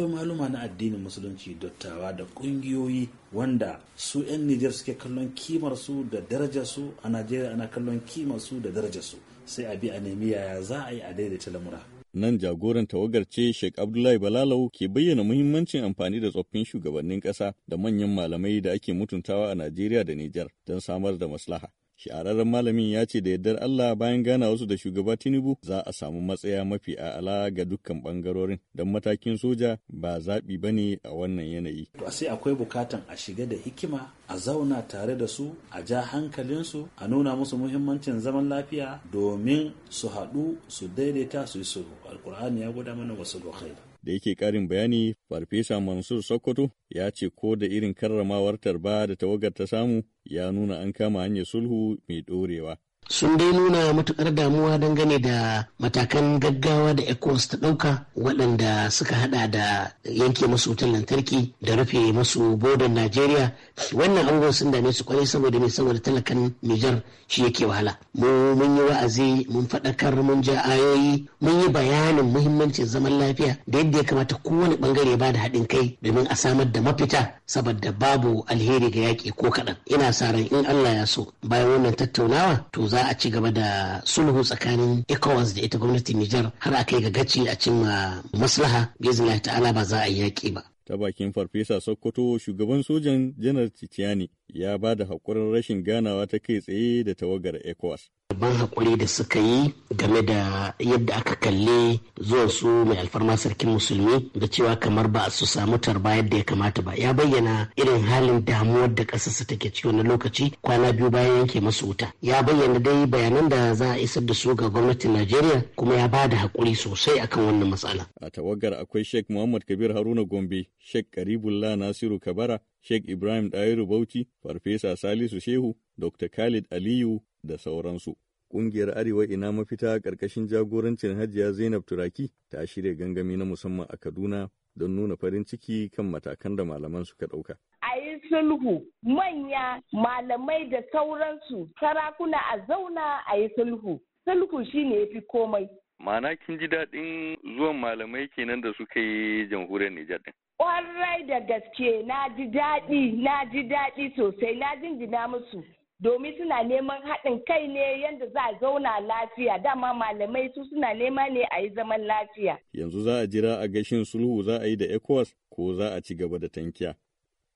akwai maluma na addinin musulunci dattawa da kungiyoyi wanda su 'yan Nijar suke kallon kimar su da darajar su a Najeriya ana kallon kimar su da darajar su sai a bi a nemi yaya za a yi a daidaita lamura. Nan jagoran tawagar ce Sheikh Abdullahi Balalau ke bayyana muhimmancin amfani da tsoffin shugabannin ƙasa da manyan malamai da ake mutuntawa a Najeriya da Nijar don samar da maslaha. shahararren malamin ya ce da yardar Allah bayan gana wasu da shugaba Tinubu za a samu matsaya mafi a'ala ga dukkan bangarorin don matakin soja ba zaɓi ba ne a wannan yanayi. To sai akwai bukatan a shiga da hikima a zauna tare da su a ja hankalinsu a nuna musu muhimmancin zaman lafiya domin su haɗu su daidaita su yi sulhu. Alkur'ani ya gwada mana wasu dokai. da yake ƙarin bayani farfesa mansur sokoto ya ce ko da irin karramawar tarba da tawagar ta samu ya nuna an kama hanyar sulhu mai ɗorewa. sun dai nuna matukar damuwa dangane da matakan gaggawa da ecowas ta ɗauka waɗanda suka hada da yanke masu wutar lantarki da rufe masu bodan najeriya wannan abubuwan sun dame su kwarai saboda mai saboda talakan Niger shi yake wahala mu mun yi wa'azi mun faɗakar mun ja ayoyi mun yi bayanin muhimmancin zaman lafiya da yadda ya kamata kowane bangare ba da haɗin kai domin a samar da mafita saboda babu alheri ga yaƙi ko kaɗan ina sa ran in allah ya so bayan wannan tattaunawa to za a ci gaba da sulhu tsakanin ECOWAS da ita gwamnatin Nijar har a kai ga gaci a cimma maslaha bizillahi ta'ala ba za a yi yaƙi ba. Ta bakin Farfesa Sokoto shugaban sojan Janar Titiyani ya ba da haƙurin rashin ganawa ta kai tsaye da tawagar ECOWAS. Babban haƙuri da suka yi game da yadda aka kalle zuwa su mai alfarma sarkin musulmi da cewa kamar ba su samu tarba yadda ya kamata ba. Ya bayyana irin halin damuwar da ƙasarsa take ciki wani lokaci kwana biyu bayan yanke masu wuta. Ya bayyana dai bayanan da za a isar da su ga gwamnatin Najeriya kuma ya ba da haƙuri sosai akan wannan matsala. A tawagar akwai Sheikh Muhammad Kabir Haruna Gombe, Sheikh Karibullah Nasiru Kabara, Sheikh Ibrahim Dairu Bauchi, Farfesa Salisu Shehu, Dr. Khalid Aliyu da sauransu. Ƙungiyar Arewa Ina Mafita ƙarƙashin jagorancin Hajiya Zainab Turaki ta shirya gangami na musamman a Kaduna don nuna farin ciki kan matakan da malaman suka ɗauka. A yi sulhu manya malamai da sauransu sarakuna a zauna a yi sulhu. Sulhu shine ya fi komai. Ma'ana kin ji daɗin zuwan malamai kenan da suka yi jamhuriyar Nijar ɗin. Ƙwarai da gaske na ji daɗi, na ji daɗi sosai, na jinjina musu. Domin suna neman haɗin kai ne yadda za a zauna lafiya, dama malamai su suna nema ne a yi zaman lafiya. Yanzu za a jira a gashin sulhu za a yi da ECOWAS ko za a ci gaba da tankiya.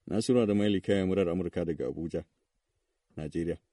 Nasiru da Maili kayan murar Amurka daga Abuja, Najeriya.